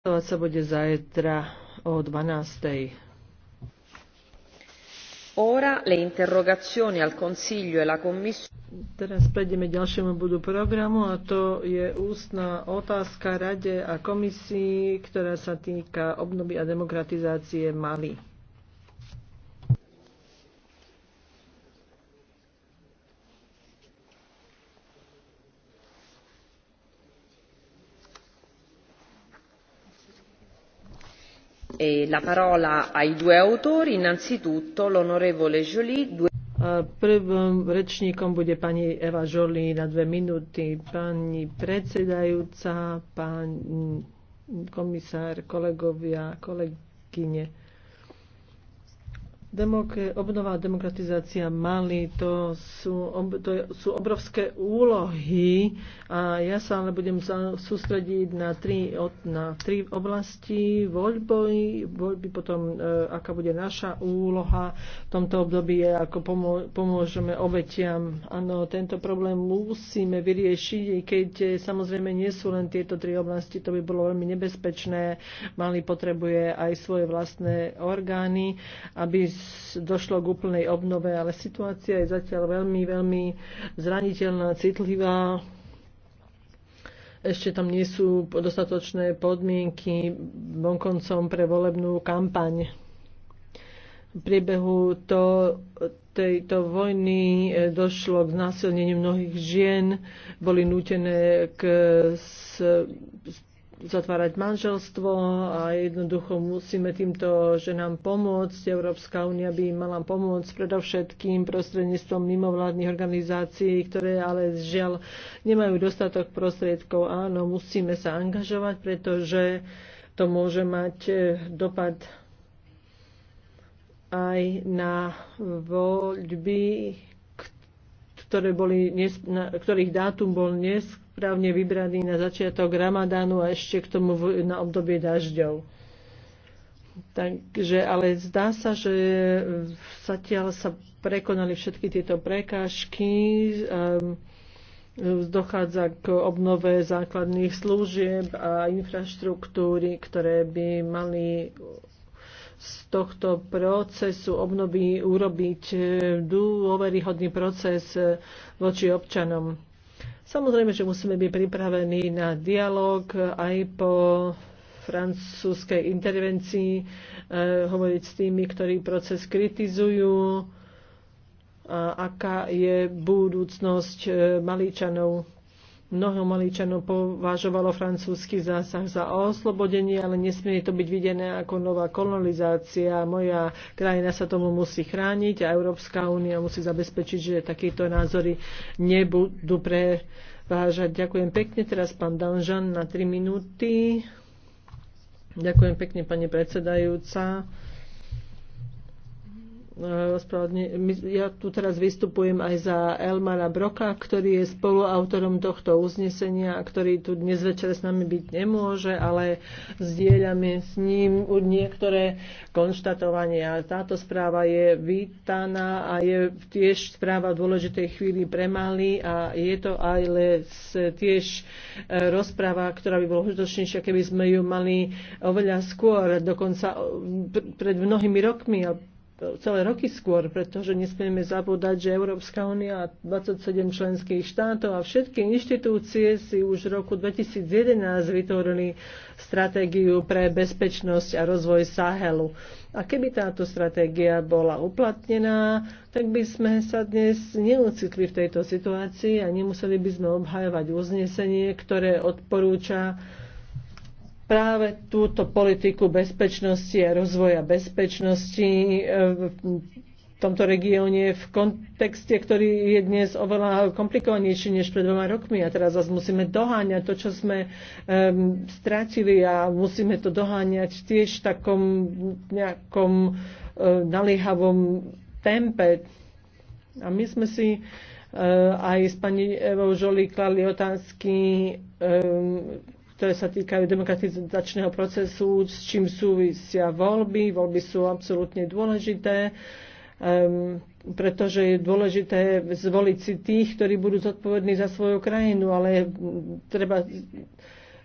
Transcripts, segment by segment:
Hlasovať sa bude zajtra o 12. Ora le interrogazioni al Consiglio e la Commissione. Teraz prejdeme ďalšiemu bodu programu a to je ústna otázka Rade a Komisii, ktorá sa týka obnovy a demokratizácie Mali. eh, la Prvým rečníkom bude pani Eva Jolie na dve minúty. Pani predsedajúca, pán komisár, kolegovia, kolegyne. Demok- obnova a demokratizácia Mali, to sú, ob- to sú obrovské úlohy a ja sa ale budem za- sústrediť na tri, od, na tri oblasti voľby, voľby potom e, aká bude naša úloha v tomto období, ako pomo- pomôžeme obetiam. Áno, tento problém musíme vyriešiť, keď e, samozrejme nie sú len tieto tri oblasti, to by bolo veľmi nebezpečné. Mali potrebuje aj svoje vlastné orgány, aby došlo k úplnej obnove, ale situácia je zatiaľ veľmi, veľmi zraniteľná, citlivá. Ešte tam nie sú dostatočné podmienky vonkoncom pre volebnú kampaň. V priebehu to, tejto vojny e, došlo k znásilneniu mnohých žien, boli nútené k zatvárať manželstvo a jednoducho musíme týmto ženám pomôcť. Európska únia by mala pomôcť predovšetkým prostredníctvom mimovládnych organizácií, ktoré ale žiaľ nemajú dostatok prostriedkov. Áno, musíme sa angažovať, pretože to môže mať e, dopad aj na voľby, ktoré boli, ktorých dátum bol neskôr správne vybraný na začiatok Ramadánu a ešte k tomu na obdobie dažďov. Takže, ale zdá sa, že zatiaľ sa prekonali všetky tieto prekážky, ehm, dochádza k obnove základných služieb a infraštruktúry, ktoré by mali z tohto procesu obnovy urobiť eh, dôveryhodný proces eh, voči občanom Samozrejme, že musíme byť pripravení na dialog aj po francúzskej intervencii, eh, hovoriť s tými, ktorí proces kritizujú, a aká je budúcnosť eh, Malíčanov. Mnoho Maličanov považovalo francúzsky zásah za oslobodenie, ale nesmie to byť videné ako nová kolonizácia. Moja krajina sa tomu musí chrániť a Európska únia musí zabezpečiť, že takéto názory nebudú prevážať. Ďakujem pekne. Teraz pán Danžan na 3 minúty. Ďakujem pekne, pani predsedajúca. E, ja tu teraz vystupujem aj za Elmara Broka, ktorý je spoluautorom tohto uznesenia a ktorý tu dnes večer s nami byť nemôže, ale zdieľame s ním niektoré konštatovania. Táto správa je vítaná a je tiež správa v dôležitej chvíli pre Mali a je to aj les, tiež e, rozpráva, ktorá by bola užitočnejšia, keby sme ju mali oveľa skôr, dokonca pred mnohými rokmi, celé roky skôr, pretože nesmieme zabúdať, že Európska únia a 27 členských štátov a všetky inštitúcie si už v roku 2011 vytvorili stratégiu pre bezpečnosť a rozvoj Sahelu. A keby táto stratégia bola uplatnená, tak by sme sa dnes neocitli v tejto situácii a nemuseli by sme obhajovať uznesenie, ktoré odporúča práve túto politiku bezpečnosti a rozvoja bezpečnosti e, v tomto regióne v kontexte, ktorý je dnes oveľa komplikovanejší než pred dvoma rokmi. A teraz zase musíme doháňať to, čo sme um, strátili a musíme to doháňať tiež v takom nejakom uh, naliehavom tempe. A my sme si uh, aj s pani Evou Žolí klali otázky um, ktoré sa týkajú demokratizačného procesu, s čím súvisia voľby. Voľby sú absolútne dôležité, um, pretože je dôležité zvoliť si tých, ktorí budú zodpovední za svoju krajinu, ale treba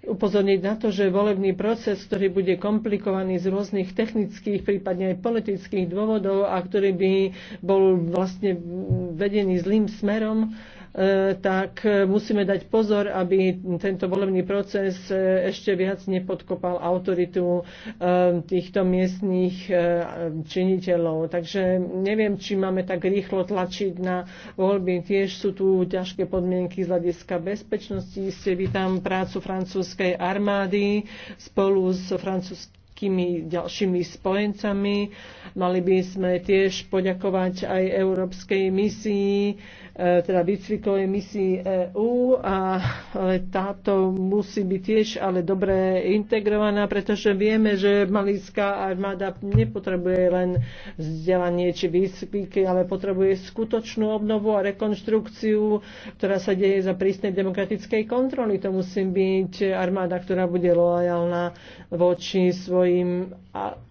upozorniť na to, že volebný proces, ktorý bude komplikovaný z rôznych technických, prípadne aj politických dôvodov a ktorý by bol vlastne vedený zlým smerom, E, tak e, musíme dať pozor, aby tento volebný proces e, ešte viac nepodkopal autoritu týchto miestných činiteľov. Takže neviem, či máme tak rýchlo tlačiť na voľby. Tiež sú tu ťažké podmienky z hľadiska bezpečnosti. Ste tam prácu francúzskej armády spolu s francúzským nejakými ďalšími spojencami. Mali by sme tiež poďakovať aj Európskej misii, e, teda výcvikovej misii EÚ, a e, táto musí byť tiež ale dobre integrovaná, pretože vieme, že malická armáda nepotrebuje len vzdelanie či výcviky, ale potrebuje skutočnú obnovu a rekonštrukciu, ktorá sa deje za prísnej demokratickej kontroly. To musí byť armáda, ktorá bude lojálna voči svojim svojim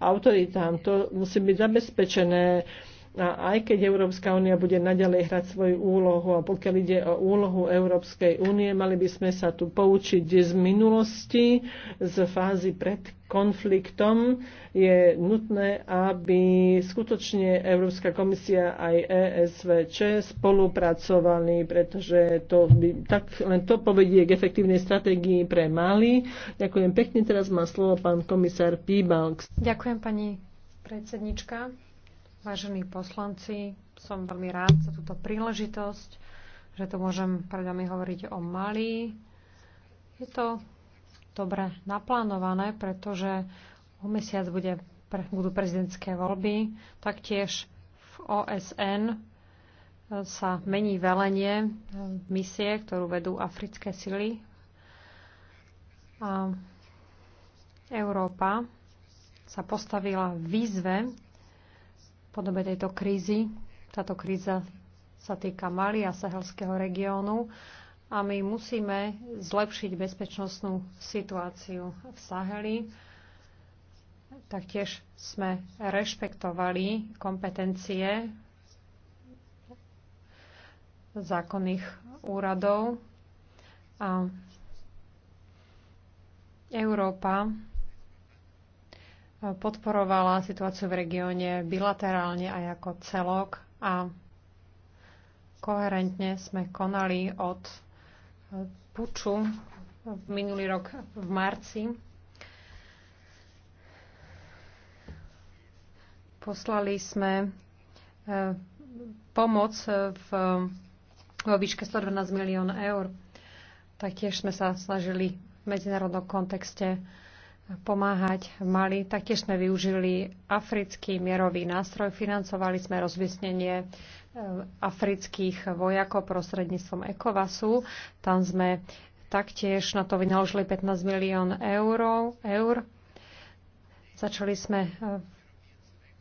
autoritám. To musí byť zabezpečené a aj keď Európska únia bude naďalej hrať svoju úlohu a pokiaľ ide o úlohu Európskej únie, mali by sme sa tu poučiť z minulosti, z fázy pred konfliktom. Je nutné, aby skutočne Európska komisia aj ESVČ spolupracovali, pretože to by, tak len to povedie k efektívnej stratégii pre Mali. Ďakujem pekne, teraz má slovo pán komisár Píbalks. Ďakujem pani predsednička. Vážení poslanci, som veľmi rád za túto príležitosť, že tu môžem pred vami hovoriť o Mali. Je to dobre naplánované, pretože o mesiac bude, budú prezidentské voľby. Taktiež v OSN sa mení velenie misie, ktorú vedú africké sily. A Európa sa postavila výzve, podobe tejto krízy. Táto kríza sa týka Mali a sahelského regiónu a my musíme zlepšiť bezpečnostnú situáciu v Saheli. Taktiež sme rešpektovali kompetencie zákonných úradov a Európa podporovala situáciu v regióne bilaterálne aj ako celok a koherentne sme konali od e, puču minulý rok v marci. Poslali sme e, pomoc e, v, vo výške 112 milión eur. Taktiež sme sa snažili v medzinárodnom kontexte pomáhať v Mali. Taktiež sme využili africký mierový nástroj, financovali sme rozvisnenie e, afrických vojakov prostredníctvom ECOVASu. Tam sme taktiež na to vynaložili 15 milión eur. eur. Začali sme e,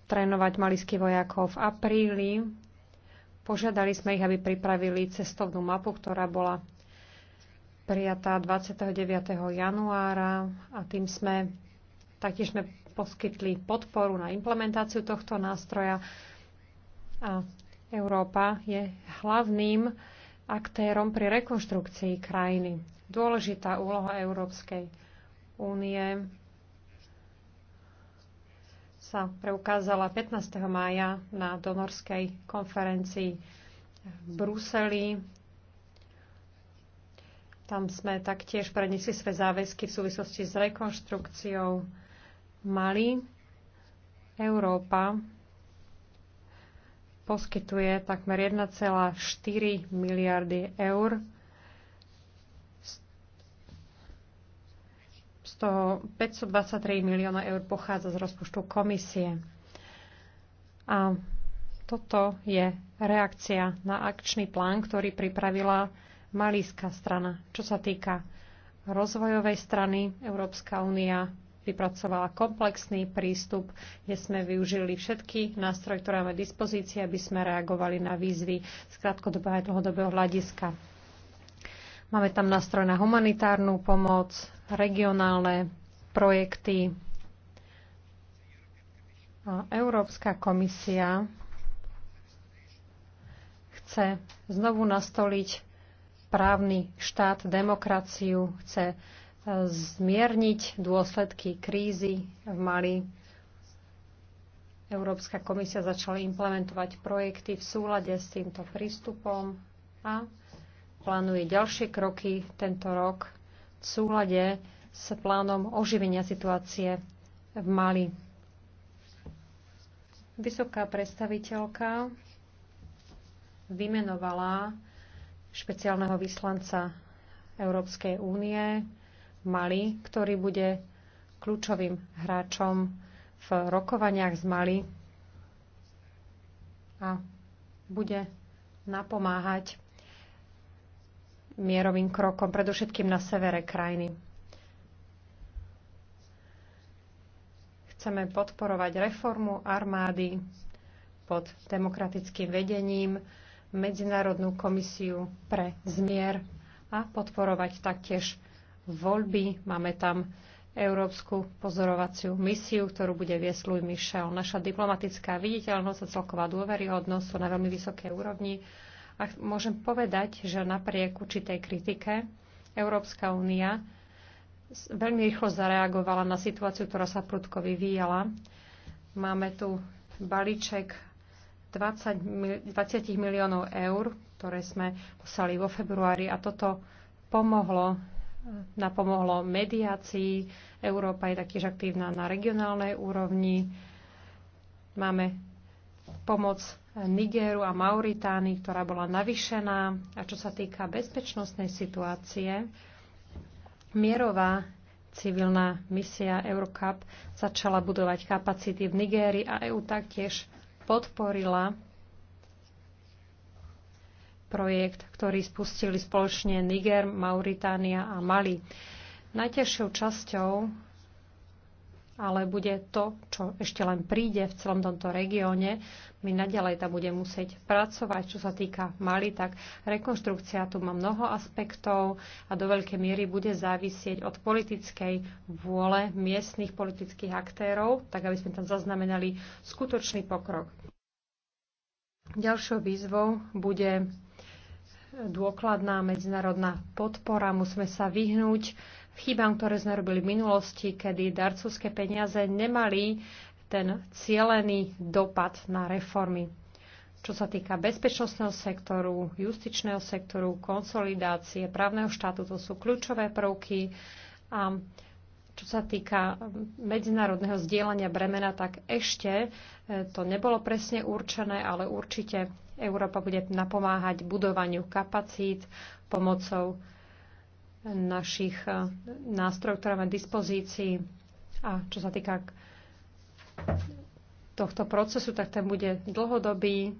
trénovať malických vojakov v apríli. Požiadali sme ich, aby pripravili cestovnú mapu, ktorá bola prijatá 29. januára a tým sme taktiež sme poskytli podporu na implementáciu tohto nástroja a Európa je hlavným aktérom pri rekonštrukcii krajiny. Dôležitá úloha Európskej únie sa preukázala 15. mája na donorskej konferencii v Bruseli tam sme taktiež prednesli svoje záväzky v súvislosti s rekonštrukciou Mali. Európa poskytuje takmer 1,4 miliardy eur. Z toho 523 milióna eur pochádza z rozpočtu komisie. A toto je reakcia na akčný plán, ktorý pripravila malíska strana. Čo sa týka rozvojovej strany, Európska únia vypracovala komplexný prístup, kde sme využili všetky nástroje, ktoré máme dispozícii, aby sme reagovali na výzvy z krátkodobého a dlhodobého hľadiska. Máme tam nástroj na humanitárnu pomoc, regionálne projekty. A Európska komisia chce znovu nastoliť právny štát, demokraciu, chce e, zmierniť dôsledky krízy v Mali. Európska komisia začala implementovať projekty v súlade s týmto prístupom a plánuje ďalšie kroky tento rok v súlade s plánom oživenia situácie v Mali. Vysoká predstaviteľka vymenovala špeciálneho vyslanca Európskej únie Mali, ktorý bude kľúčovým hráčom v rokovaniach z Mali a bude napomáhať mierovým krokom, predovšetkým na severe krajiny. Chceme podporovať reformu armády pod demokratickým vedením, Medzinárodnú komisiu pre zmier a podporovať taktiež voľby. Máme tam Európsku pozorovaciu misiu, ktorú bude viesť Louis Michel. Naša diplomatická viditeľnosť a celková dôveryhodnosť sú na veľmi vysokej úrovni. A môžem povedať, že napriek určitej kritike Európska únia veľmi rýchlo zareagovala na situáciu, ktorá sa prudko vyvíjala. Máme tu balíček 20, 20 miliónov eur, ktoré sme poslali vo februári a toto pomohlo napomohlo mediácii. Európa je taktiež aktívna na regionálnej úrovni. Máme pomoc Nigeru a Mauritány, ktorá bola navyšená. A čo sa týka bezpečnostnej situácie, mierová civilná misia Eurocup začala budovať kapacity v Nigérii a EU taktiež podporila projekt, ktorý spustili spoločne Niger, Mauritánia a Mali. Najťažšou časťou ale bude to, čo ešte len príde v celom tomto regióne. My naďalej tam budeme musieť pracovať, čo sa týka Mali, tak rekonštrukcia tu má mnoho aspektov a do veľkej miery bude závisieť od politickej vôle miestnych politických aktérov, tak aby sme tam zaznamenali skutočný pokrok. Ďalšou výzvou bude dôkladná medzinárodná podpora. Musíme sa vyhnúť chybám, ktoré sme robili v minulosti, kedy darcovské peniaze nemali ten cielený dopad na reformy. Čo sa týka bezpečnostného sektoru, justičného sektoru, konsolidácie, právneho štátu, to sú kľúčové prvky. A čo sa týka medzinárodného zdieľania bremena, tak ešte e, to nebolo presne určené, ale určite Európa bude napomáhať budovaniu kapacít pomocou našich eh, nástrojov, ktoré máme v dispozícii. A čo sa týka tohto procesu, tak ten bude dlhodobý.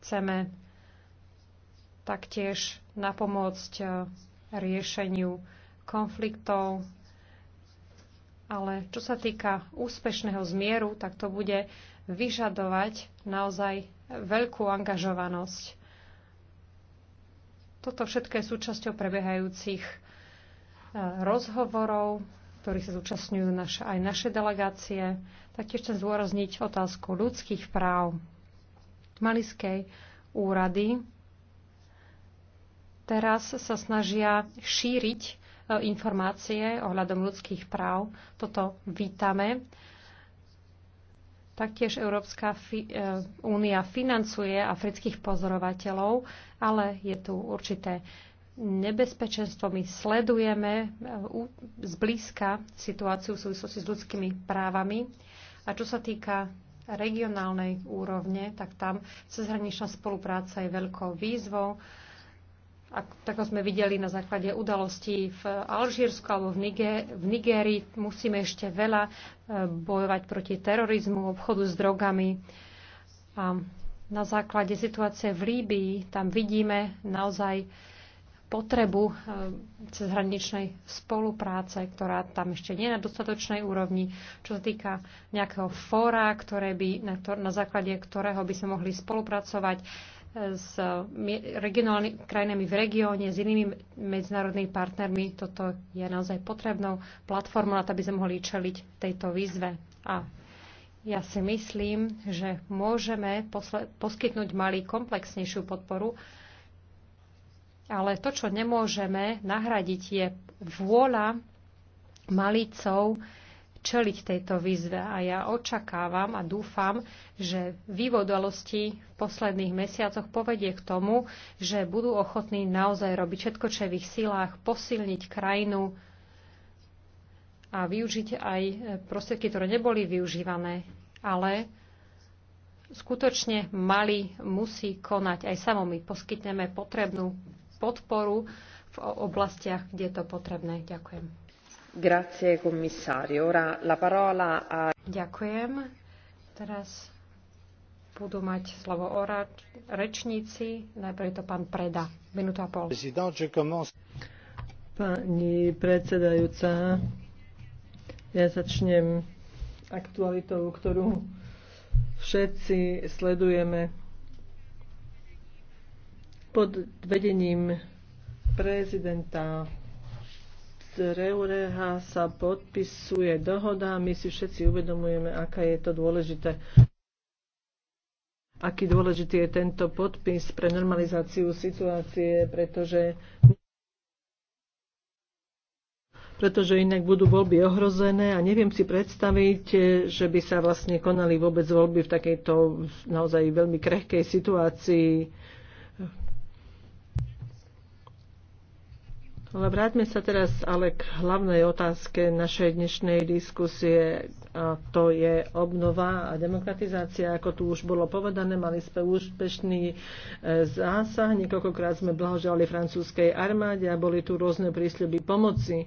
Chceme taktiež napomôcť eh, riešeniu konfliktov, ale čo sa týka úspešného zmieru, tak to bude vyžadovať naozaj veľkú angažovanosť. Toto všetko je súčasťou prebiehajúcich e, rozhovorov, ktorých sa zúčastňujú naše, aj naše delegácie. Taktiež chcem zdôrazniť otázku ľudských práv. Maliskej úrady teraz sa snažia šíriť e, informácie ohľadom ľudských práv. Toto vítame. Taktiež Európska e, únia financuje afrických pozorovateľov, ale je tu určité nebezpečenstvo. My sledujeme e, zblízka situáciu v súvislosti s ľudskými právami. A čo sa týka regionálnej úrovne, tak tam cezhraničná spolupráca je veľkou výzvou. Tak ako sme videli na základe udalostí v Alžírsku alebo v, Niger, v Nigérii, musíme ešte veľa e, bojovať proti terorizmu, obchodu s drogami. A na základe situácie v Líbii tam vidíme naozaj potrebu e, cezhraničnej spolupráce, ktorá tam ešte nie je na dostatočnej úrovni, čo sa týka nejakého fóra, ktoré by, na, na základe ktorého by sme mohli spolupracovať s regionálnymi krajinami v regióne, s inými medzinárodnými partnermi. Toto je naozaj potrebnou platformou aby sme mohli čeliť tejto výzve. A ja si myslím, že môžeme poskytnúť mali komplexnejšiu podporu, ale to, čo nemôžeme nahradiť, je vôľa malícov čeliť tejto výzve a ja očakávam a dúfam, že vývodalosti v posledných mesiacoch povedie k tomu, že budú ochotní naozaj robiť všetko, čo je v ich silách, posilniť krajinu a využiť aj prostriedky, ktoré neboli využívané, ale skutočne Mali musí konať. Aj samo my poskytneme potrebnú podporu v oblastiach, kde je to potrebné. Ďakujem. Ďakujem. Teraz budú mať slovo o rečníci. Najprv je to pán Preda. Minúta a pol. Pani predsedajúca, ja začnem aktualitou, ktorú všetci sledujeme pod vedením prezidenta Reureha sa podpisuje dohoda. My si všetci uvedomujeme, aká je to dôležité aký dôležitý je tento podpis pre normalizáciu situácie, pretože pretože inak budú voľby ohrozené a neviem si predstaviť, že by sa vlastne konali vôbec voľby v takejto naozaj veľmi krehkej situácii. Ale no, vráťme sa teraz ale k hlavnej otázke našej dnešnej diskusie, a to je obnova a demokratizácia. Ako tu už bolo povedané, mali sme úspešný e, zásah. Niekoľkokrát sme blahoželali francúzskej armáde a boli tu rôzne prísľuby pomoci. E,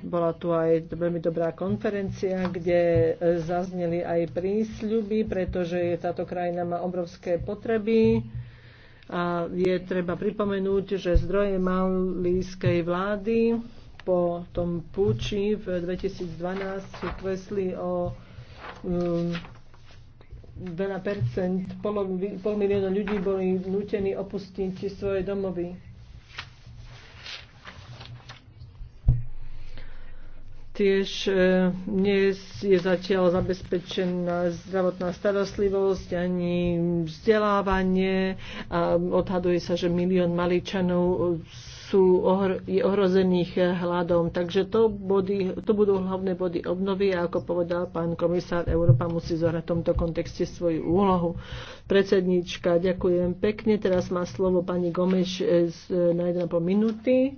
bola tu aj veľmi dobrá konferencia, kde e, zazneli aj prísľuby, pretože táto krajina má obrovské potreby a je treba pripomenúť, že zdroje malískej vlády po tom púči v 2012 kvesli o um, veľa percent, pol, pol milióna ľudí boli nutení opustiť svoje domovy. Tiež nie je zatiaľ zabezpečená zdravotná starostlivosť ani vzdelávanie a odhaduje sa, že milión maličanov sú ohr- ohrozených hladom. Takže to, body, to budú hlavné body obnovy a ako povedal pán komisár, Európa musí zohrať v tomto kontexte svoju úlohu. Predsednička, ďakujem pekne. Teraz má slovo pani Gomeš e, na 1,5 minúty.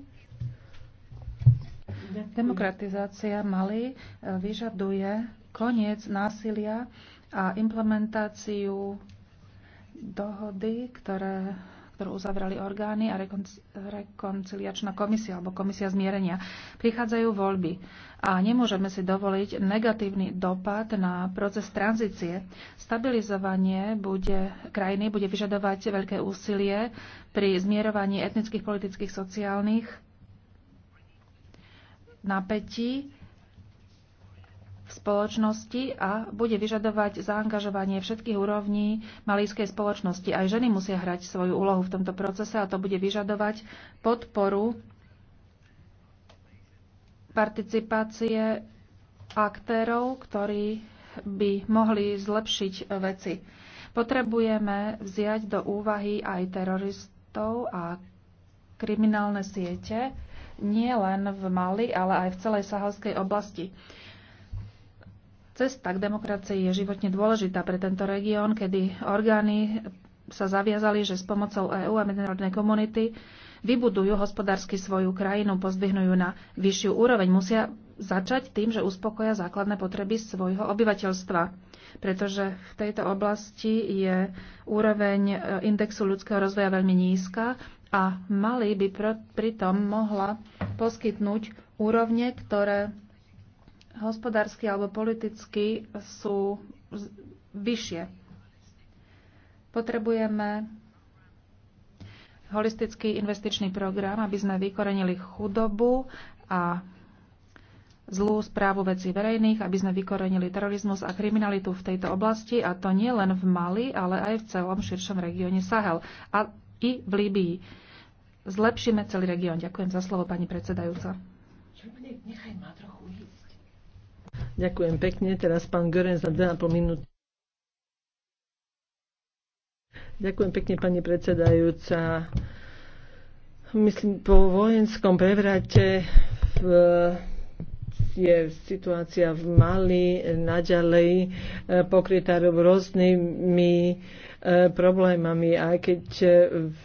Demokratizácia Mali e, vyžaduje koniec násilia a implementáciu dohody, ktoré, ktorú uzavrali orgány a rekonciliačná komisia alebo komisia zmierenia. Prichádzajú voľby a nemôžeme si dovoliť negatívny dopad na proces tranzície. Stabilizovanie bude, krajiny bude vyžadovať veľké úsilie pri zmierovaní etnických, politických, sociálnych napätí v spoločnosti a bude vyžadovať zaangažovanie všetkých úrovní malískej spoločnosti. Aj ženy musia hrať svoju úlohu v tomto procese a to bude vyžadovať podporu participácie aktérov, ktorí by mohli zlepšiť veci. Potrebujeme vziať do úvahy aj teroristov a kriminálne siete, nie len v Mali, ale aj v celej sahelskej oblasti. Cesta k demokracii je životne dôležitá pre tento región, kedy orgány sa zaviazali, že s pomocou EÚ a medzinárodnej komunity vybudujú hospodársky svoju krajinu, pozdvihnujú na vyššiu úroveň. Musia začať tým, že uspokoja základné potreby svojho obyvateľstva, pretože v tejto oblasti je úroveň e, indexu ľudského rozvoja veľmi nízka a Mali by pritom mohla poskytnúť úrovne, ktoré hospodársky alebo politicky sú vyššie. Potrebujeme holistický investičný program, aby sme vykorenili chudobu a zlú správu vecí verejných, aby sme vykorenili terorizmus a kriminalitu v tejto oblasti, a to nie len v Mali, ale aj v celom širšom regióne Sahel a i v Líbii zlepšíme celý región. Ďakujem za slovo, pani predsedajúca. Nechaj ma trochu ísť. Ďakujem pekne. Teraz pán Gören za 2,5 minúty. Ďakujem pekne, pani predsedajúca. Myslím, po vojenskom prevrate v je situácia v Mali naďalej e, pokrytá rôznymi problémami. Aj keď e,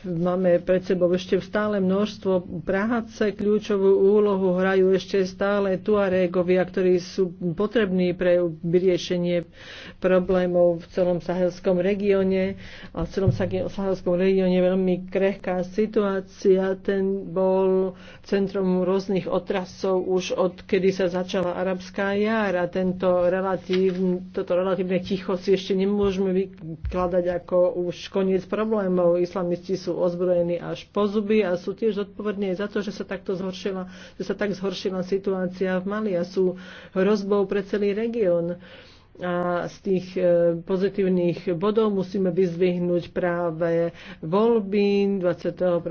máme pred sebou ešte stále množstvo práce, kľúčovú úlohu hrajú ešte stále Tuarégovia, ktorí sú potrební pre vyriešenie problémov v celom sahelskom regióne. A v celom sahelskom regióne veľmi krehká situácia. Ten bol centrom rôznych otrasov už od kedy sa začala arabská Jara. tento relatív, toto relatívne ticho si ešte nemôžeme vykladať ako ako už koniec problémov. Islamisti sú ozbrojení až po zuby a sú tiež zodpovední za to, že sa takto zhoršila, že sa tak zhoršila situácia v Mali a sú hrozbou pre celý región a z tých e, pozitívnych bodov musíme vyzvihnúť práve voľby 21.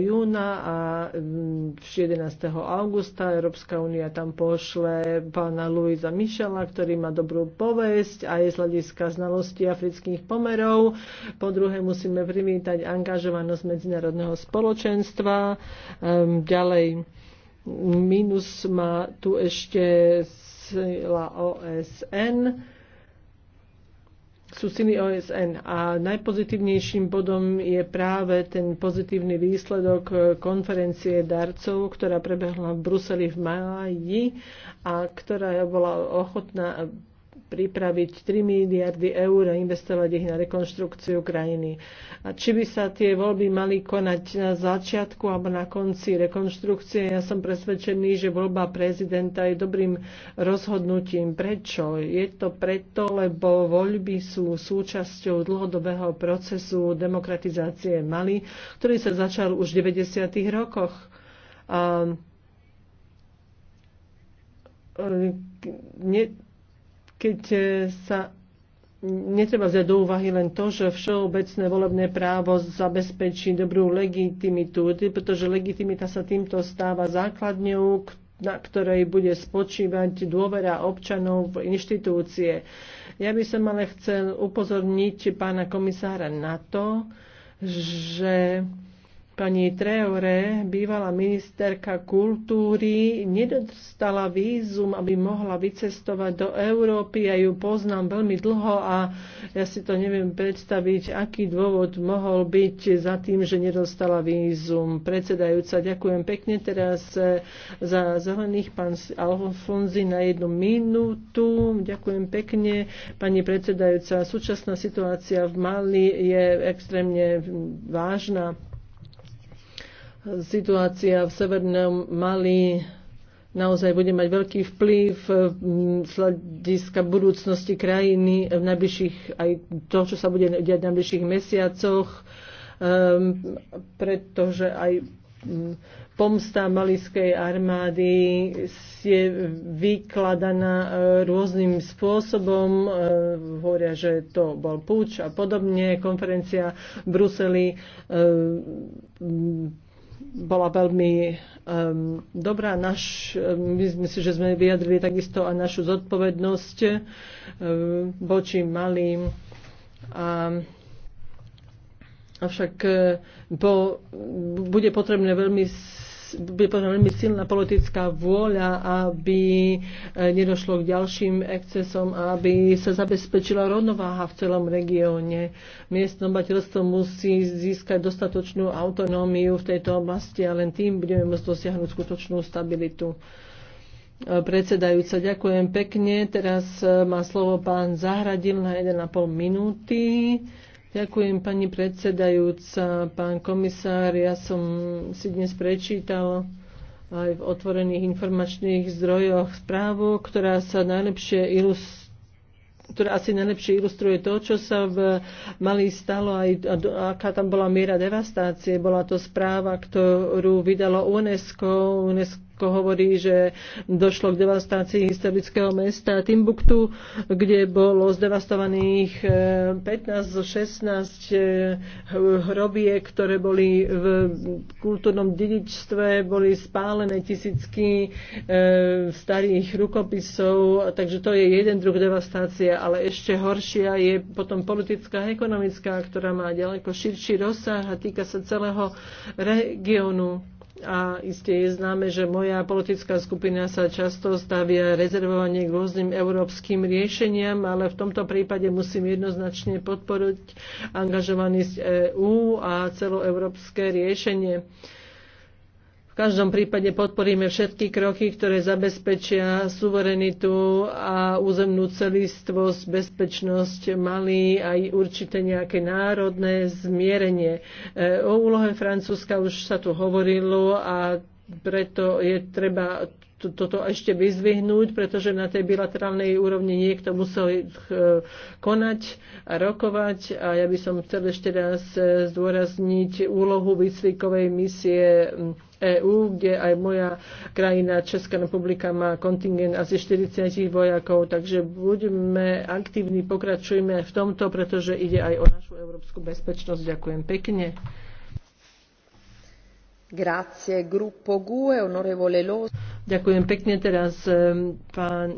júna a 11. Mm, augusta. Európska únia tam pošle pána Luisa Michela, ktorý má dobrú povesť aj z hľadiska znalosti afrických pomerov. Po druhé musíme privítať angažovanosť medzinárodného spoločenstva. Ďalej Minus má tu ešte sila OSN sú sily OSN a najpozitívnejším bodom je práve ten pozitívny výsledok konferencie darcov, ktorá prebehla v Bruseli v máji a ktorá bola ochotná pripraviť 3 miliardy eur a investovať ich na rekonštrukciu krajiny. A či by sa tie voľby mali konať na začiatku alebo na konci rekonštrukcie, ja som presvedčený, že voľba prezidenta je dobrým rozhodnutím. Prečo? Je to preto, lebo voľby sú súčasťou dlhodobého procesu demokratizácie Mali, ktorý sa začal už v 90. rokoch. A, e, ne, keď e, sa netreba vziať do úvahy len to, že všeobecné volebné právo zabezpečí dobrú legitimitu, pretože legitimita sa týmto stáva základňou, na ktorej bude spočívať dôvera občanov v inštitúcie. Ja by som ale chcel upozorniť pána komisára na to, že Pani Treore, bývalá ministerka kultúry, nedostala vízum, aby mohla vycestovať do Európy. Ja ju poznám veľmi dlho a ja si to neviem predstaviť, aký dôvod mohol byť za tým, že nedostala vízum. Predsedajúca, ďakujem pekne teraz e, za zelených pán Alfonzi na jednu minútu. Ďakujem pekne. Pani predsedajúca, súčasná situácia v Mali je extrémne vážna situácia v Severnom Mali naozaj bude mať veľký vplyv eh, z hľadiska budúcnosti krajiny eh, v najbližších, aj to, čo sa bude diať v najbližších mesiacoch, um, pretože aj pomsta malískej armády je vykladaná eh, rôznym spôsobom. Hovoria, že to bol púč a podobne. Konferencia v Bruseli um, bola veľmi um, dobrá. Naš, ehm, myslím si, že sme vyjadrili takisto aj našu zodpovednosť um, voči malým. A, avšak eh, bo, bude potrebné veľmi by veľmi silná politická vôľa, aby e, nedošlo k ďalším excesom a aby sa zabezpečila rovnováha v celom regióne. Miestno obateľstvo musí získať dostatočnú autonómiu v tejto oblasti a len tým budeme môcť dosiahnuť skutočnú stabilitu e, predsedajúca. Ďakujem pekne. Teraz e, má slovo pán Zahradil na 1,5 minúty. Ďakujem, pani predsedajúca, pán komisár. Ja som si dnes prečítal aj v otvorených informačných zdrojoch správu, ktorá sa najlepšie ilustruje ktorá asi najlepšie ilustruje to, čo sa v Mali stalo aj aká tam bola miera devastácie. Bola to správa, ktorú vydalo UNESCO. UNESCO Turecko hovorí, že došlo k devastácii historického mesta Timbuktu, kde bolo zdevastovaných 15 eh, zo 16 eh, hrobiek, ktoré boli v kultúrnom dedičstve, boli spálené tisícky eh, starých rukopisov, takže to je jeden druh devastácie, ale ešte horšia je potom politická a ekonomická, ktorá má ďaleko širší rozsah a týka sa celého regiónu a iste je známe, že moja politická skupina sa často stavia rezervovanie k rôznym európskym riešeniam, ale v tomto prípade musím jednoznačne podporiť angažovanosť EÚ a celoeurópske riešenie každom prípade podporíme všetky kroky, ktoré zabezpečia suverenitu a územnú celistvosť, bezpečnosť Mali aj určité nejaké národné zmierenie. E, o úlohe Francúzska už sa tu hovorilo a preto je treba toto ešte vyzvihnúť, pretože na tej bilaterálnej úrovni niekto musel e, konať a rokovať. A ja by som chcel ešte raz e, zdôrazniť úlohu výcvikovej misie EÚ, kde aj moja krajina Česká republika má kontingent asi 40 vojakov, takže buďme aktívni, pokračujme v tomto, pretože ide aj o našu európsku bezpečnosť. Ďakujem pekne. Grazie, GUE, Ďakujem pekne teraz e, pán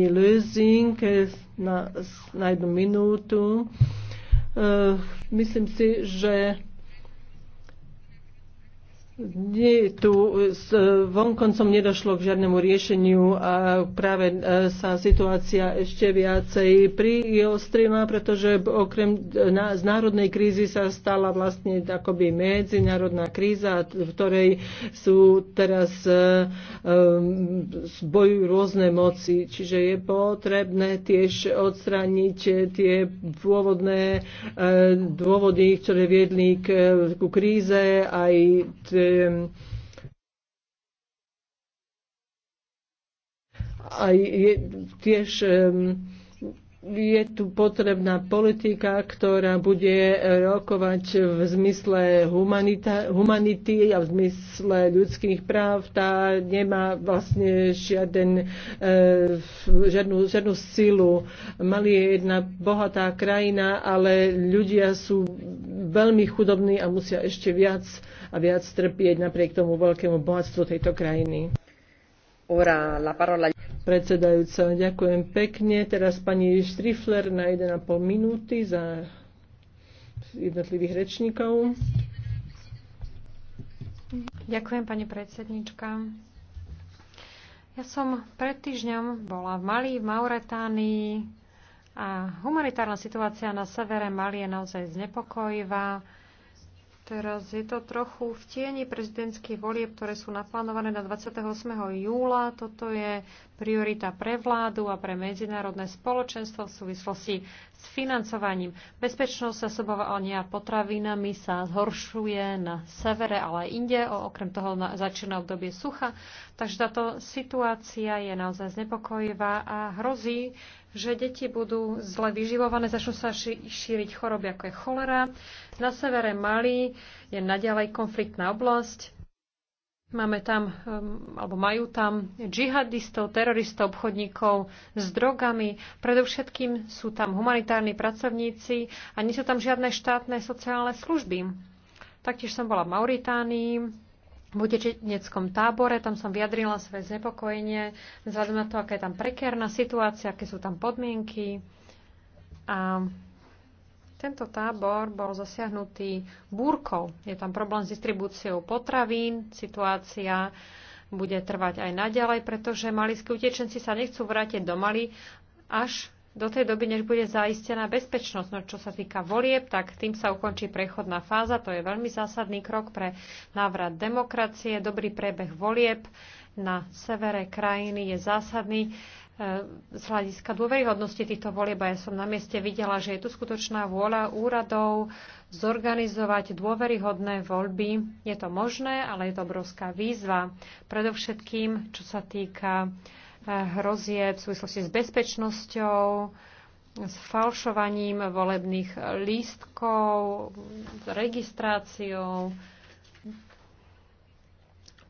Lösing e, na, na jednu minútu. E, myslím si, že nie, tu eh, s vonkoncom nedošlo k žiadnemu riešeniu a práve eh, sa situácia ešte viacej priostrila, pretože okrem eh, z národnej krízy sa stala vlastne akoby medzinárodná kríza, v ktorej sú teraz bojujú rôzne moci. Čiže je potrebné tiež odstrániť tie pôvodné dôvody, ktoré viedli k, ku kríze aj tie aj je, tiež um, je tu potrebná politika, ktorá bude rokovať v zmysle humanita, humanity a v zmysle ľudských práv. Tá nemá vlastne žiaden, eh, žiadnu, žiadnu silu. Mali je jedna bohatá krajina, ale ľudia sú veľmi chudobní a musia ešte viac a viac trpieť napriek tomu veľkému bohatstvu tejto krajiny. Predsedajúca, ďakujem pekne. Teraz pani Štrifler na 1,5 minúty za jednotlivých rečníkov. Ďakujem, pani predsednička. Ja som pred týždňom bola v Mali, v Mauretánii a humanitárna situácia na severe Mali je naozaj znepokojivá. Teraz je to trochu v tieni prezidentských volieb, ktoré sú naplánované na 28. júla. Toto je priorita pre vládu a pre medzinárodné spoločenstvo v súvislosti s financovaním. Bezpečnosť zasobovania potravinami sa zhoršuje na severe, ale aj inde. Okrem toho začína obdobie sucha. Takže táto situácia je naozaj znepokojivá a hrozí, že deti budú zle vyživované, začnú sa šíriť choroby ako je cholera. Na severe Mali je naďalej konfliktná oblasť. Máme tam, um, alebo majú tam džihadistov, teroristov, obchodníkov s drogami. Predovšetkým sú tam humanitárni pracovníci a nie sú tam žiadne štátne sociálne služby. Taktiež som bola v Mauritánii, v utečeneckom tábore, tam som vyjadrila svoje znepokojenie, vzhľadom na to, aká je tam prekérna situácia, aké sú tam podmienky. A tento tábor bol zasiahnutý búrkou. Je tam problém s distribúciou potravín, situácia bude trvať aj naďalej, pretože malískí utečenci sa nechcú vrátiť do Mali, až do tej doby, než bude zaistená bezpečnosť. No čo sa týka volieb, tak tým sa ukončí prechodná fáza. To je veľmi zásadný krok pre návrat demokracie. Dobrý prebeh volieb na severe krajiny je zásadný e, z hľadiska dôveryhodnosti týchto volieb. Ja som na mieste videla, že je tu skutočná vôľa úradov zorganizovať dôveryhodné voľby. Je to možné, ale je to obrovská výzva. Predovšetkým, čo sa týka hrozieb v súvislosti s bezpečnosťou, s falšovaním volebných lístkov, s registráciou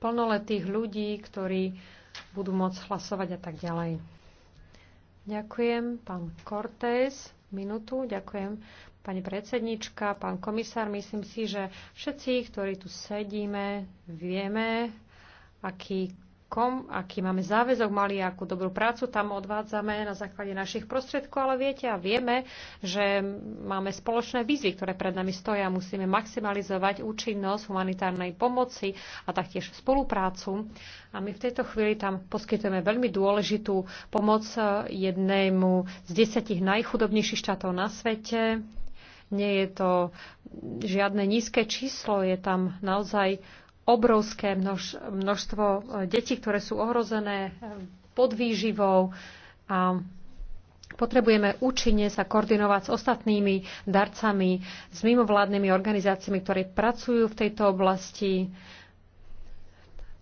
plnoletých ľudí, ktorí budú môcť hlasovať a tak ďalej. Ďakujem, pán Cortés. minutu. ďakujem, pani predsednička, pán komisár. Myslím si, že všetci, ktorí tu sedíme, vieme, aký akom, aký máme záväzok mali, akú dobrú prácu tam odvádzame na základe našich prostriedkov, ale viete a vieme, že máme spoločné výzvy, ktoré pred nami stoja. Musíme maximalizovať účinnosť humanitárnej pomoci a taktiež spoluprácu. A my v tejto chvíli tam poskytujeme veľmi dôležitú pomoc eh, jednému z desiatich najchudobnejších štátov na svete. Nie je to žiadne nízke číslo, je tam naozaj obrovské množ, množstvo e, detí, ktoré sú ohrozené e, pod výživou a potrebujeme účinne sa koordinovať s ostatnými darcami, s mimovládnymi organizáciami, ktoré pracujú v tejto oblasti,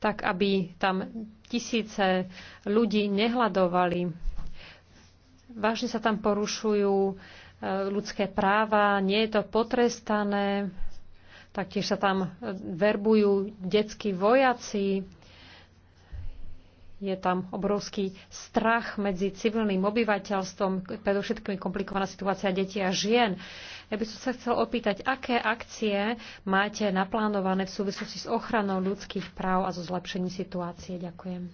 tak aby tam tisíce ľudí nehľadovali. Vážne sa tam porušujú e, ľudské práva, nie je to potrestané Taktiež sa tam verbujú detskí vojaci. Je tam obrovský strach medzi civilným obyvateľstvom, predovšetkým komplikovaná situácia detí a žien. Ja by som sa chcel opýtať, aké akcie máte naplánované v súvislosti s ochranou ľudských práv a so zlepšením situácie. Ďakujem.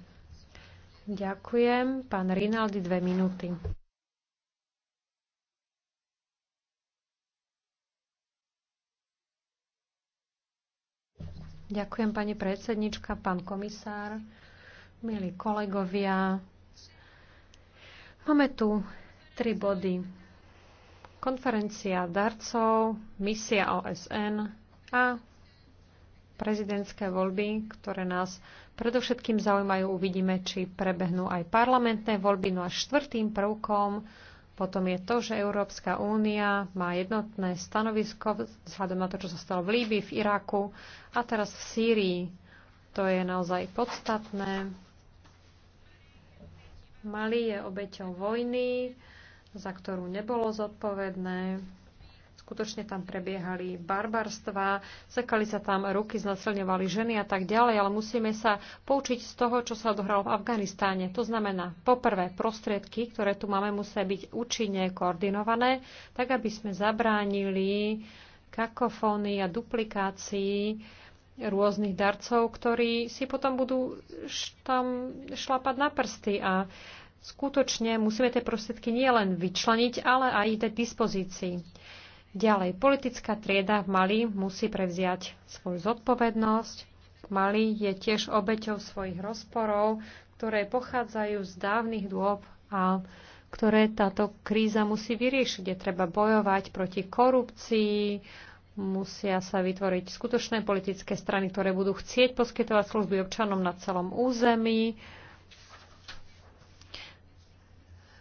Ďakujem. Pán Rinaldi, dve minúty. Ďakujem pani predsednička, pán komisár, milí kolegovia. Máme tu tri body. Konferencia darcov, misia OSN a prezidentské voľby, ktoré nás predovšetkým zaujímajú. Uvidíme, či prebehnú aj parlamentné voľby. No a štvrtým prvkom potom je to, že Európska únia má jednotné stanovisko vzhľadom na to, čo sa stalo v Líbii, v Iraku a teraz v Sýrii. To je naozaj podstatné. Mali je obeťou vojny, za ktorú nebolo zodpovedné. Skutočne tam prebiehali barbarstva, sekali sa tam ruky, znasilňovali ženy a tak ďalej, ale musíme sa poučiť z toho, čo sa odohralo v Afganistáne. To znamená, poprvé, prostriedky, ktoré tu máme, musia byť účinne koordinované, tak aby sme zabránili kakofónii a duplikácii rôznych darcov, ktorí si potom budú tam šlapať na prsty a skutočne musíme tie prostriedky nielen vyčleniť, ale aj dať dispozícii. Ďalej, politická trieda v Mali musí prevziať svoju zodpovednosť. Mali je tiež obeťou svojich rozporov, ktoré pochádzajú z dávnych dôb a ktoré táto kríza musí vyriešiť. Je treba bojovať proti korupcii, musia sa vytvoriť skutočné politické strany, ktoré budú chcieť poskytovať služby občanom na celom území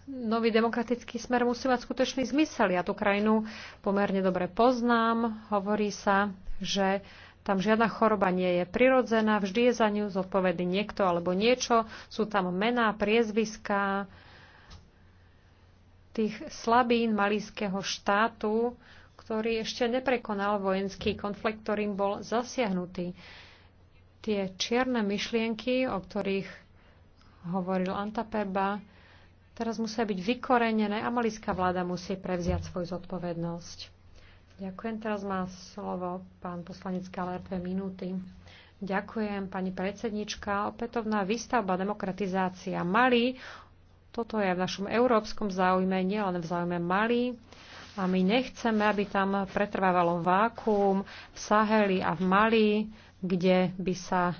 nový demokratický smer musí mať skutočný zmysel. Ja tú krajinu pomerne dobre poznám. Hovorí sa, že tam žiadna choroba nie je prirodzená, vždy je za ňu zodpovedný niekto alebo niečo. Sú tam mená, priezviská tých slabín malíského štátu, ktorý ešte neprekonal vojenský konflikt, ktorým bol zasiahnutý. Tie čierne myšlienky, o ktorých hovoril Antapeba, teraz musia byť vykorenené a malická vláda musí prevziať svoju zodpovednosť. Ďakujem. Teraz má slovo pán poslanec Galer dve minúty. Ďakujem, pani predsednička. Opätovná výstavba, demokratizácia Mali. Toto je v našom európskom záujme, nielen v záujme Mali. A my nechceme, aby tam pretrvávalo vákuum v Saheli a v Mali, kde by sa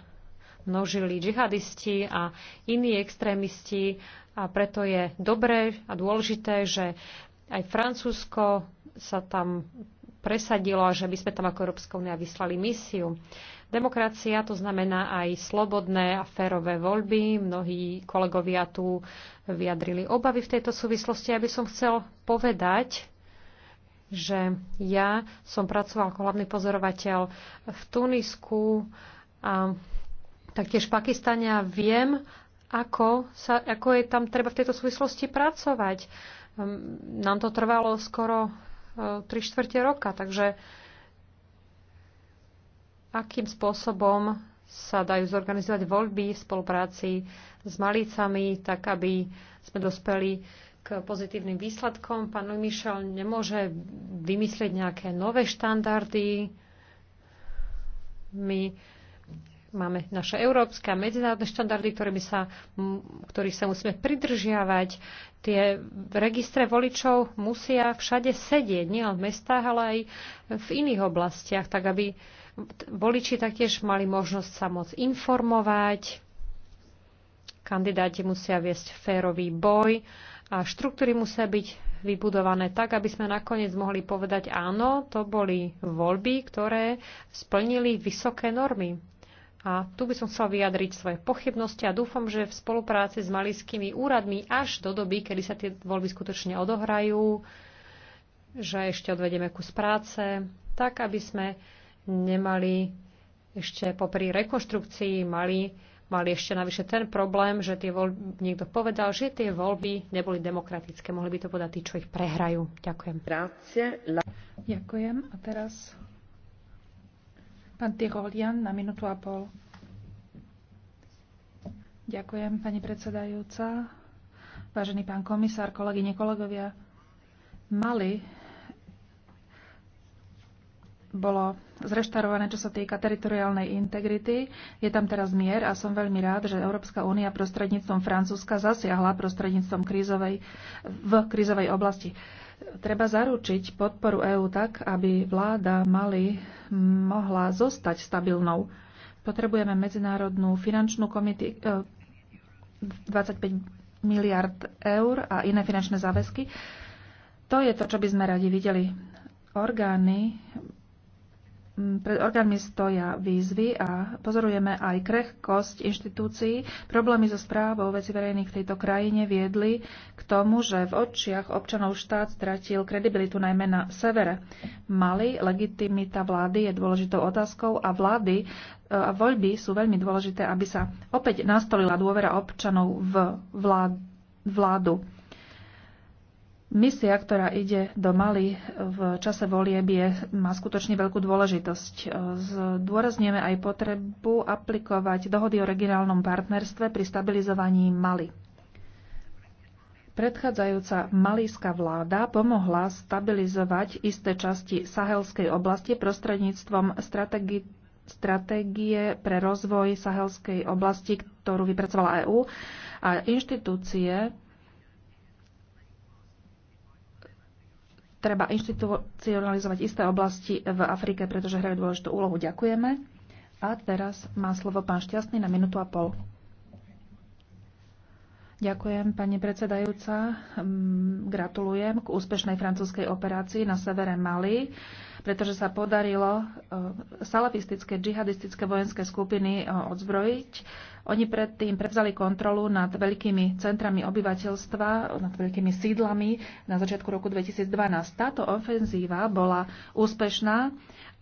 množili džihadisti a iní extrémisti a preto je dobré a dôležité, že aj Francúzsko sa tam presadilo a že my sme tam ako Európska únia vyslali misiu. Demokracia to znamená aj slobodné a férové voľby. Mnohí kolegovia tu vyjadrili obavy v tejto súvislosti. Ja by som chcel povedať, že ja som pracoval ako hlavný pozorovateľ v Tunisku a taktiež v Pakistane a viem, ako, sa, ako je tam treba v tejto súvislosti pracovať. Ehm, nám to trvalo skoro e, tri štvrte roka, takže akým spôsobom sa dajú zorganizovať voľby v spolupráci s malícami, tak aby sme dospeli k pozitívnym výsledkom. Pán Michel nemôže vymyslieť nejaké nové štandardy. My Máme naše európske a medzinárodné štandardy, ktoré by sa, ktorých sa musíme pridržiavať. Tie registre voličov musia všade sedieť, nielen v mestách, ale aj v iných oblastiach, tak aby voliči taktiež mali možnosť sa môcť informovať. Kandidáti musia viesť férový boj a štruktúry musia byť vybudované tak, aby sme nakoniec mohli povedať áno, to boli voľby, ktoré splnili vysoké normy. A tu by som chcel vyjadriť svoje pochybnosti a dúfam, že v spolupráci s malijskými úradmi až do doby, kedy sa tie voľby skutočne odohrajú, že ešte odvedeme kus práce, tak aby sme nemali ešte popri rekonštrukcii mali, mali ešte navyše ten problém, že tie voľby, niekto povedal, že tie voľby neboli demokratické. Mohli by to povedať tí, čo ich prehrajú. Ďakujem. Ďakujem. A teraz Pán Tyrolian na minútu a pol. Ďakujem, pani predsedajúca. Vážený pán komisár, kolegyne, kolegovia, Mali bolo zreštarované, čo sa týka teritoriálnej integrity. Je tam teraz mier a som veľmi rád, že Európska únia prostredníctvom Francúzska zasiahla prostredníctvom krízovej, v krízovej oblasti. Treba zaručiť podporu EÚ tak, aby vláda Mali mohla zostať stabilnou. Potrebujeme medzinárodnú finančnú komity, 25 e, miliard eur a iné finančné záväzky. To je to, čo by sme radi videli. Orgány pred orgánmi stoja výzvy a pozorujeme aj krehkosť inštitúcií. Problémy so správou veci verejných v tejto krajine viedli k tomu, že v očiach občanov štát stratil kredibilitu najmä na severe. Mali legitimita vlády je dôležitou otázkou a vlády e, a voľby sú veľmi dôležité, aby sa opäť nastolila dôvera občanov v vládu. Misia, ktorá ide do Mali v čase volieb, je, má skutočne veľkú dôležitosť. Zdôrazňujeme aj potrebu aplikovať dohody o regionálnom partnerstve pri stabilizovaní Mali. Predchádzajúca malíska vláda pomohla stabilizovať isté časti sahelskej oblasti prostredníctvom stratégie stratégie pre rozvoj sahelskej oblasti, ktorú vypracovala EÚ a inštitúcie treba inštitucionalizovať isté oblasti v Afrike, pretože hrajú dôležitú úlohu. Ďakujeme. A teraz má slovo pán Šťastný na minútu a pol. Ďakujem, pani predsedajúca. Mm, gratulujem k úspešnej francúzskej operácii na severe Mali, pretože sa podarilo e, salafistické, džihadistické vojenské skupiny e, odzbrojiť oni predtým prevzali kontrolu nad veľkými centrami obyvateľstva, nad veľkými sídlami na začiatku roku 2012. Táto ofenzíva bola úspešná,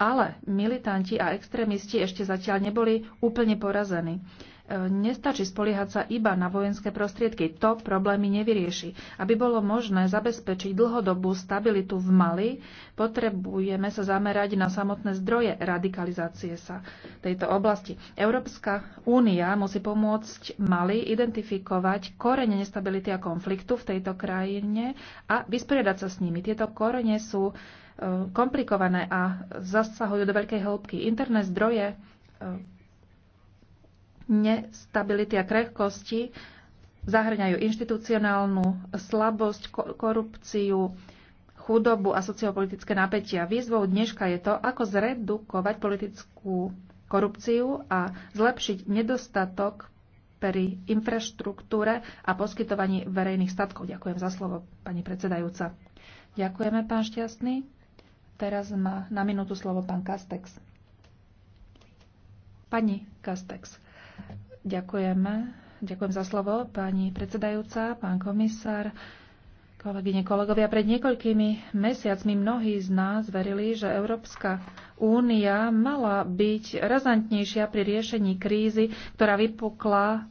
ale militanti a extrémisti ešte zatiaľ neboli úplne porazení. Nestačí spoliehať sa iba na vojenské prostriedky. To problémy nevyrieši. Aby bolo možné zabezpečiť dlhodobú stabilitu v Mali, potrebujeme sa zamerať na samotné zdroje radikalizácie sa tejto oblasti. Európska únia musí pomôcť Mali identifikovať korene nestability a konfliktu v tejto krajine a vysporiadať sa s nimi. Tieto korene sú e, komplikované a zasahujú do veľkej hĺbky. Interné zdroje e, nestability a krehkosti zahrňajú inštitucionálnu slabosť, korupciu, chudobu a sociopolitické napätia. Výzvou dneška je to, ako zredukovať politickú korupciu a zlepšiť nedostatok pri infraštruktúre a poskytovaní verejných statkov. Ďakujem za slovo, pani predsedajúca. Ďakujeme, pán Šťastný. Teraz má na minútu slovo pán Kastex. Pani Kastex. Ďakujem. Ďakujem za slovo, pani predsedajúca, pán komisár, kolegyne, kolegovia. Pred niekoľkými mesiacmi mnohí z nás verili, že Európska únia mala byť razantnejšia pri riešení krízy, ktorá vypukla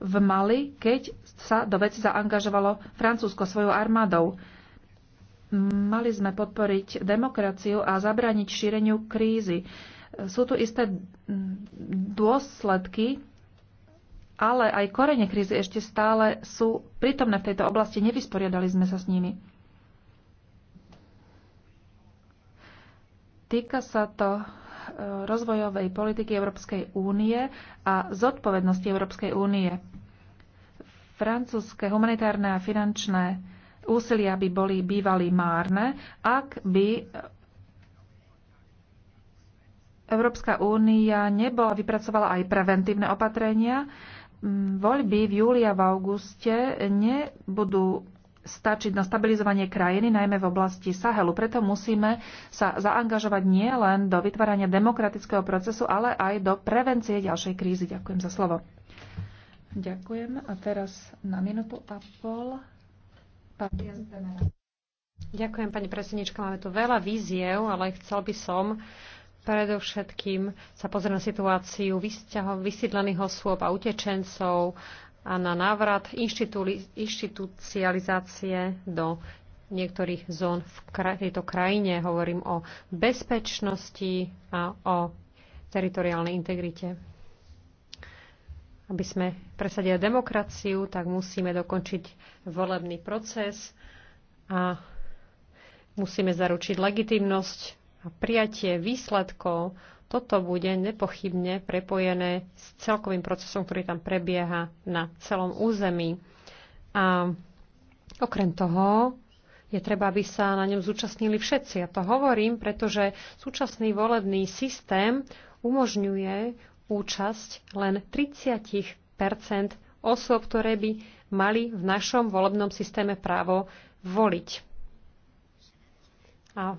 v Mali, keď sa do veci zaangažovalo Francúzsko svojou armádou. Mali sme podporiť demokraciu a zabrániť šíreniu krízy sú tu isté dôsledky, ale aj korene krízy ešte stále sú prítomné v tejto oblasti. Nevysporiadali sme sa s nimi. Týka sa to e, rozvojovej politiky Európskej únie a zodpovednosti Európskej únie. Francúzske humanitárne a finančné úsilia by boli bývali márne, ak by Európska únia nebola, vypracovala aj preventívne opatrenia. Mm, voľby v júli a v auguste nebudú stačiť na stabilizovanie krajiny, najmä v oblasti Sahelu. Preto musíme sa zaangažovať nie len do vytvárania demokratického procesu, ale aj do prevencie ďalšej krízy. Ďakujem za slovo. Ďakujem. A teraz na minútu a pol. Ďakujem, pani presenička. Máme tu veľa víziev, ale chcel by som Predovšetkým sa pozrie na situáciu vysídlených osôb a utečencov a na návrat inštitucializácie do niektorých zón v tejto krajine. Hovorím o bezpečnosti a o teritoriálnej integrite. Aby sme presadili demokraciu, tak musíme dokončiť volebný proces a musíme zaručiť legitimnosť a prijatie výsledkov, toto bude nepochybne prepojené s celkovým procesom, ktorý tam prebieha na celom území. A okrem toho je treba, aby sa na ňom zúčastnili všetci. Ja to hovorím, pretože súčasný volebný systém umožňuje účasť len 30 osôb, ktoré by mali v našom volebnom systéme právo voliť. A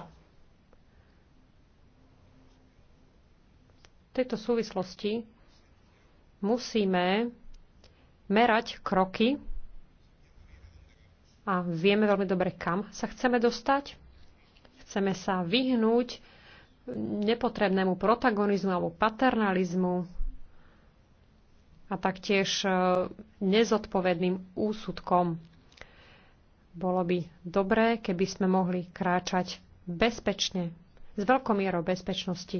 V tejto súvislosti musíme merať kroky a vieme veľmi dobre, kam sa chceme dostať. Chceme sa vyhnúť nepotrebnému protagonizmu alebo paternalizmu a taktiež e, nezodpovedným úsudkom. Bolo by dobré, keby sme mohli kráčať bezpečne, s veľkou mierou bezpečnosti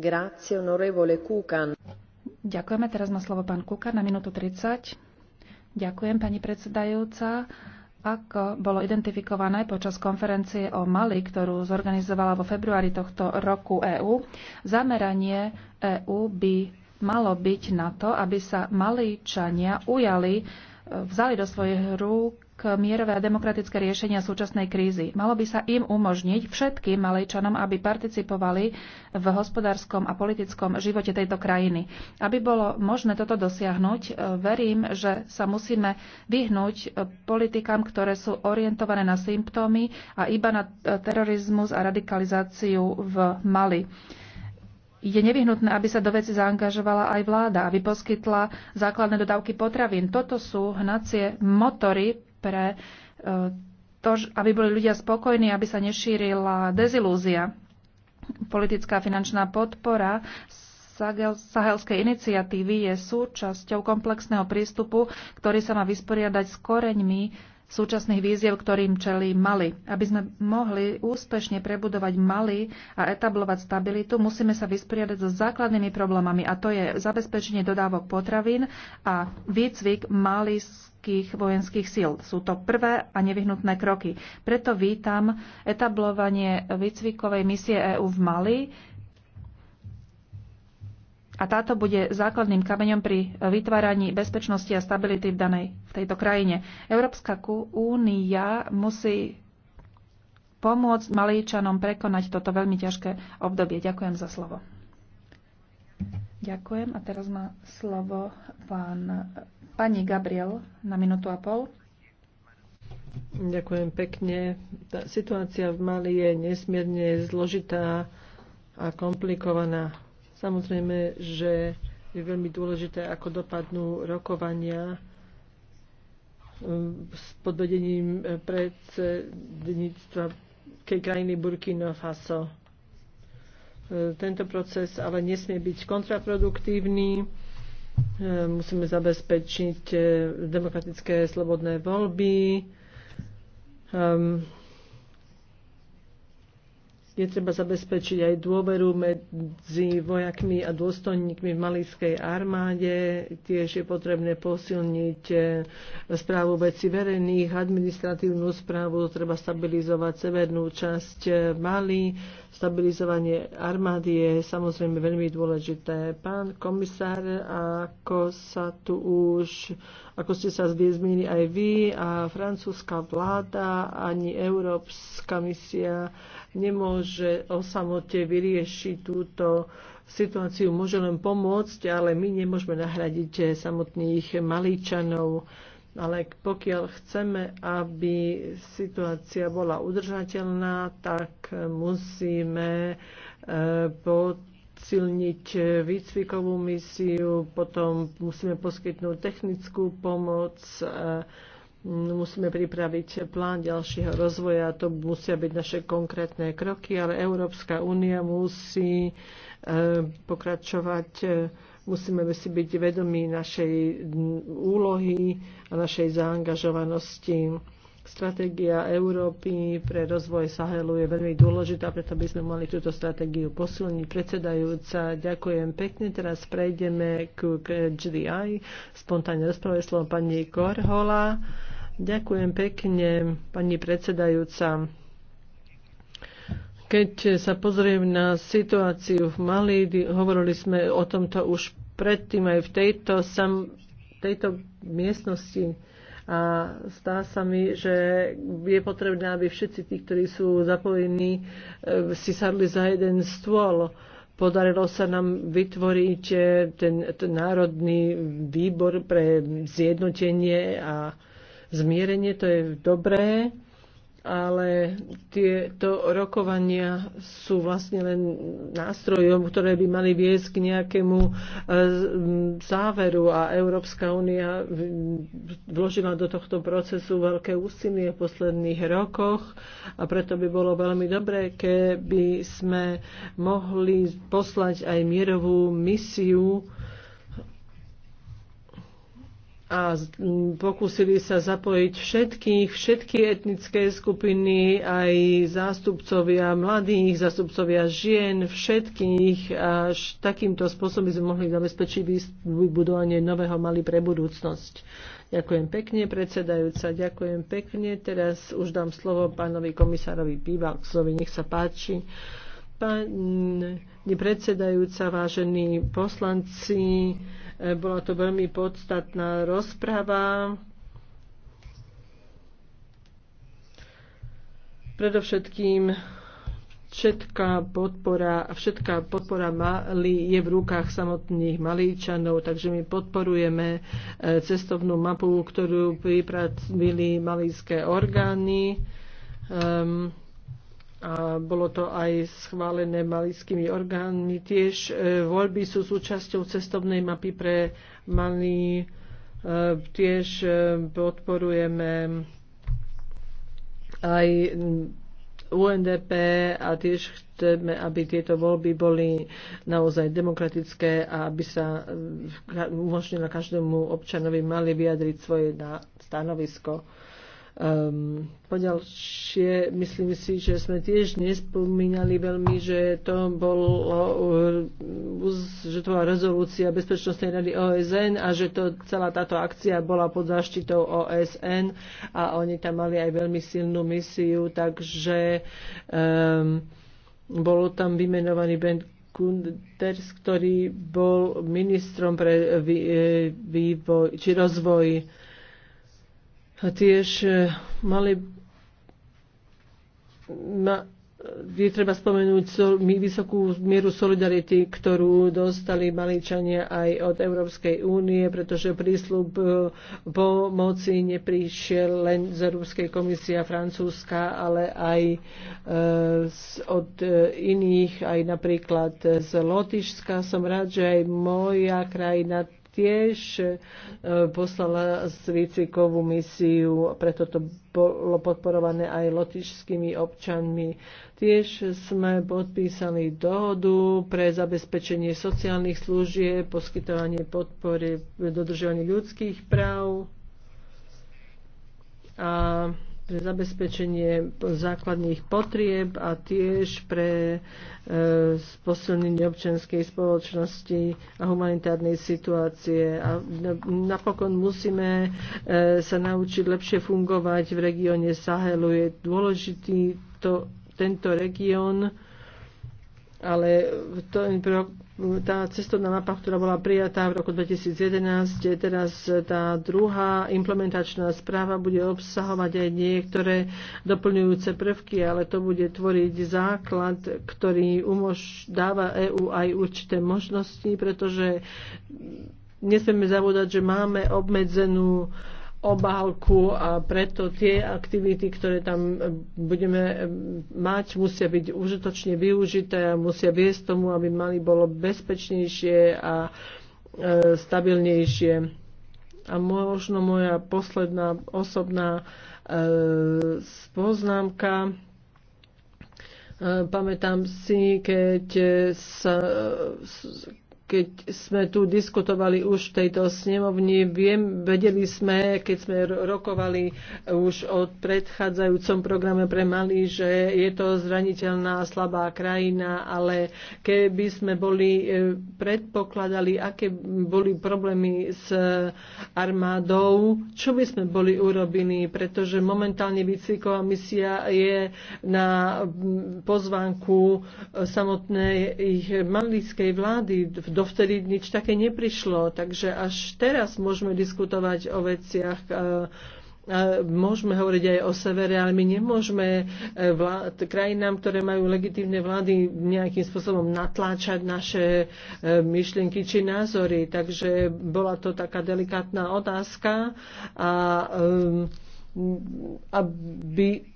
Grazie, onorevole Kukan. Ďakujeme. Teraz má slovo pán Kukan na minútu 30. Ďakujem, pani predsedajúca. Ako bolo identifikované počas konferencie o Mali, ktorú zorganizovala vo februári tohto roku EÚ, zameranie EÚ by malo byť na to, aby sa Malíčania ujali, e, vzali do svojich rúk mierové a demokratické riešenia súčasnej krízy. Malo by sa im umožniť všetkým Malejčanom, aby participovali v hospodárskom a politickom živote tejto krajiny. Aby bolo možné toto dosiahnuť, e, verím, že sa musíme vyhnúť e, politikám, ktoré sú orientované na symptómy a iba na terorizmus a radikalizáciu v Mali je nevyhnutné, aby sa do veci zaangažovala aj vláda, aby poskytla základné dodávky potravín. Toto sú hnacie motory pre e, to, aby boli ľudia spokojní, aby sa nešírila dezilúzia. Politická finančná podpora sahelskej iniciatívy je súčasťou komplexného prístupu, ktorý sa má vysporiadať s koreňmi súčasných víziev, ktorým čelí Mali. Aby sme mohli úspešne prebudovať Mali a etablovať stabilitu, musíme sa vysporiadať so základnými problémami, a to je zabezpečenie dodávok potravín a výcvik malijských vojenských síl. Sú to prvé a nevyhnutné kroky. Preto vítam etablovanie výcvikovej misie EÚ v Mali, a táto bude základným kameňom pri vytváraní bezpečnosti a stability v danej v tejto krajine. Európska únia musí pomôcť Malíčanom prekonať toto veľmi ťažké obdobie. Ďakujem za slovo. Ďakujem. A teraz má slovo pán, pani Gabriel na minútu a pol. Ďakujem pekne. Tá situácia v Mali je nesmierne zložitá a komplikovaná Samozrejme, že je veľmi dôležité, ako dopadnú rokovania ehm, s podvedením eh, predsedníctva krajiny Burkina Faso. Eh, tento proces ale nesmie byť kontraproduktívny. Eh, musíme zabezpečiť demokratické slobodné voľby ehm, je treba zabezpečiť aj dôveru medzi vojakmi a dôstojníkmi v malískej armáde. Tiež je potrebné posilniť e, správu veci verejných, administratívnu správu, treba stabilizovať severnú časť e, Mali. Stabilizovanie armády je samozrejme veľmi dôležité. Pán komisár, ako sa tu už, ako ste sa zmienili aj vy a francúzska vláda, ani Európska misia nemôže o samote vyriešiť túto situáciu. Môže len pomôcť, ale my nemôžeme nahradiť samotných malíčanov. Ale pokiaľ chceme, aby situácia bola udržateľná, tak musíme pod eh, posilniť výcvikovú misiu, potom musíme poskytnúť technickú pomoc, eh, No, musíme pripraviť plán ďalšieho rozvoja, to musia byť naše konkrétne kroky, ale Európska únia musí e, pokračovať, e, musíme si byť vedomí našej úlohy a našej zaangažovanosti. Stratégia Európy pre rozvoj Sahelu je veľmi dôležitá, preto by sme mali túto stratégiu posilniť. Predsedajúca, ďakujem pekne. Teraz prejdeme k GDI. Spontánne rozprávajú slovo pani Korhola. Ďakujem pekne, pani predsedajúca. Keď sa pozriem na situáciu v Mali, hovorili sme o tomto už predtým aj v tejto, sam, tejto miestnosti. A stá sa mi, že je potrebné, aby všetci tí, ktorí sú zapojení, e, si sadli za jeden stôl. Podarilo sa nám vytvoriť ten, ten národný výbor pre zjednotenie a zmierenie, to je dobré, ale tieto rokovania sú vlastne len nástrojom, ktoré by mali viesť k nejakému e, záveru a Európska únia vložila do tohto procesu veľké úsilie v posledných rokoch a preto by bolo veľmi dobré, keby sme mohli poslať aj mierovú misiu a pokúsili sa zapojiť všetkých, všetky etnické skupiny, aj zástupcovia mladých, zástupcovia žien, všetkých. Až takýmto spôsobom by sme mohli zabezpečiť vybudovanie nového mali pre budúcnosť. Ďakujem pekne, predsedajúca, ďakujem pekne. Teraz už dám slovo pánovi komisárovi Pivaksovi. nech sa páči. Pán Pani predsedajúca, vážení poslanci. Eh, bola to veľmi podstatná rozprava. Predovšetkým všetká podpora, všetká podpora Mali je v rukách samotných Malíčanov, takže my podporujeme eh, cestovnú mapu, ktorú pripravili malíské orgány. Um, a bolo to aj schválené malickými orgánmi. Tiež e, voľby sú súčasťou cestovnej mapy pre Mali. E, tiež e, podporujeme aj UNDP a tiež chceme, aby tieto voľby boli naozaj demokratické a aby sa umožnila každému občanovi mali vyjadriť svoje stanovisko. Um, poďalšie, myslím si, že sme tiež nespomínali veľmi, že to bolo, eh, že to bola rezolúcia Bezpečnostnej rady OSN a že to, celá táto akcia bola pod záštitou OSN a oni tam mali aj veľmi silnú misiu, takže um, ehm, bolo tam vymenovaný Ben Kunders, ktorý bol ministrom pre eh, vývoj, či rozvoj a tiež e, mali ma, je treba spomenúť vysokú mieru solidarity, ktorú dostali Maličania aj od Európskej únie, pretože prísľub e, pomoci neprišiel len z Európskej komisie a Francúzska, ale aj e, od iných, aj napríklad z Lotyšska. Som rád, že aj moja krajina tiež e, poslala výcvikovú misiu, preto to bolo podporované aj lotišskými občanmi. Tiež sme podpísali dohodu pre zabezpečenie sociálnych služieb, poskytovanie podpory, dodržovanie ľudských práv a pre zabezpečenie základných potrieb a tiež pre e, posilnenie občianskej spoločnosti a humanitárnej situácie. A napokon musíme e, sa naučiť lepšie fungovať v regióne Sahelu. Je dôležitý to, tento región, ale to tá cestovná mapa, ktorá bola prijatá v roku 2011, teraz e, tá druhá implementačná správa bude obsahovať aj niektoré doplňujúce prvky, ale to bude tvoriť základ, ktorý umož, dáva EÚ aj určité možnosti, pretože nesmieme zavodať, že máme obmedzenú obálku a preto tie aktivity, ktoré tam e, budeme e, mať, musia byť užitočne využité a musia viesť tomu, aby mali bolo bezpečnejšie a e, stabilnejšie. A možno moja posledná osobná poznámka. Pamätám si, keď sa keď sme tu diskutovali už v tejto snemovni, viem, vedeli sme, keď sme rokovali už o predchádzajúcom programe pre Mali, že je to zraniteľná slabá krajina, ale keby sme boli e, predpokladali, aké boli problémy s e, armádou, čo by sme boli urobení, pretože momentálne výcviková misia je na pozvánku e, samotnej ich malijskej vlády v dovtedy nič také neprišlo. Takže až teraz môžeme diskutovať o veciach, môžeme hovoriť aj o severe, ale my nemôžeme e, vlád, krajinám, ktoré majú legitívne vlády, nejakým spôsobom natláčať naše e, myšlienky či názory. Takže bola to taká delikátna otázka a e, aby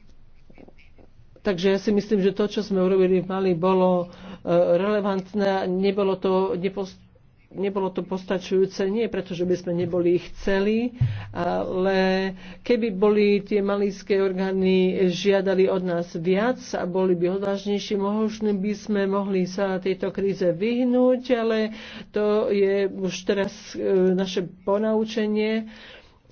Takže ja si myslím, že to, čo sme urobili v Mali, bolo e, relevantné, nebolo to, nepost- nebolo to postačujúce, nie preto, že by sme neboli ich chceli, ale keby boli tie malíské orgány žiadali od nás viac a boli by odvážnejšie. možno by sme mohli sa tejto kríze vyhnúť, ale to je už teraz e, naše ponaučenie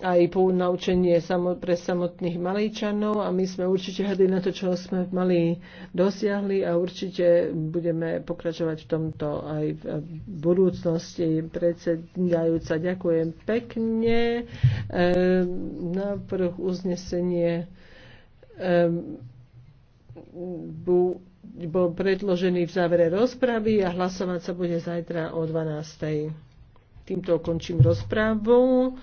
aj poučenie pre samotných malejčanov a my sme určite hrdí na to, čo sme mali dosiahli a určite budeme pokračovať v tomto aj v budúcnosti. Predsedajúca, ďakujem pekne. Na ehm, Návrh uznesenie ehm, bol predložený v závere rozpravy a hlasovať sa bude zajtra o 12.00. Týmto končím rozprávu.